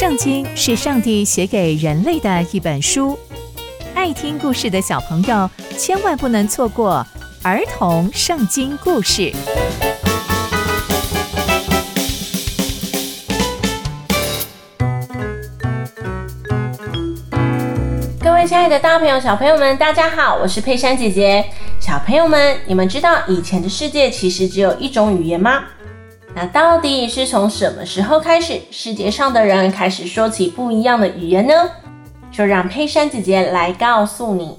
聖經是上帝寫給人類的一本書，愛聽故事的小朋友千萬不能錯過兒童聖經故事。各位親愛的大朋友、小朋友們，大家好，我是佩珊姐姐。小朋友們，你們知道以前的世界其實只有一種語言嗎？那到底是從什麼時候開始，世界上的人開始說起不一樣的語言呢？就讓佩珊姐姐來告訴你。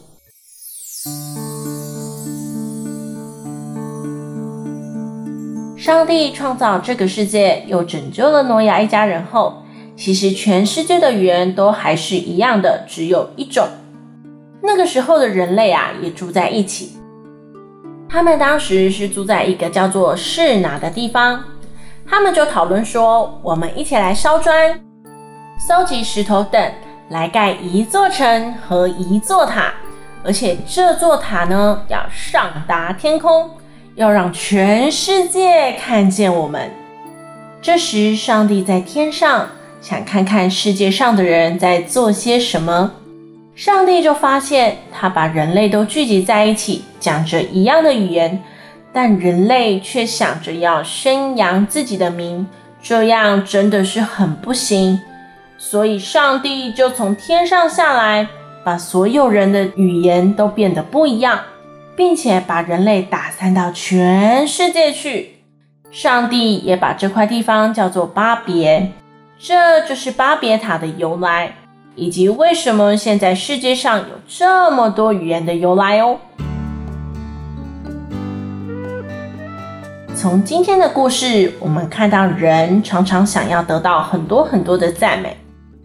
上帝創造這個世界，又拯救了挪亞一家人後，其實全世界的語言都還是一樣的，只有一種。那個時候的人類啊，也住在一起，他們當時是住在一個叫做示拿的地方。他們就討論說：“我們一起來燒磚、搜集石頭等，來蓋一座城和一座塔。而且這座塔呢，要上達天空，要讓全世界看見我們。”這時，上帝在天上想看看世界上的人在做些什麼。上帝就發現，他把人類都聚集在一起，講着一樣的語言。但人類卻想着要宣揚自己的名，這樣真的是很不行。所以，上帝就從天上下來，把所有人的語言都變得不一樣，並且把人類打散到全世界去。上帝也把這塊地方叫做巴別，這就是巴別塔的由來，以及為什麼現在世界上有這麼多語言的由來哦。從今天的故事，我們看到人常常想要得到很多很多的讚美，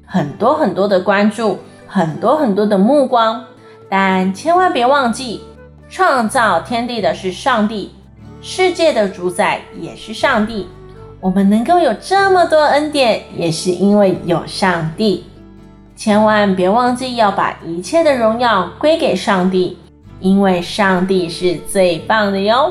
很多很多的關注，很多很多的目光，但千萬別忘記，創造天地的是上帝，世界的主宰也是上帝。我們能夠有這麼多恩典，也是因為有上帝。千萬別忘記要把一切的榮耀歸給上帝，因為上帝是最棒的喲。